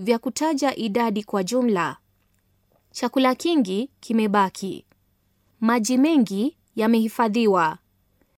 vya kutaja idadi kwa jumla. Chakula kingi kimebaki. Maji mengi yamehifadhiwa.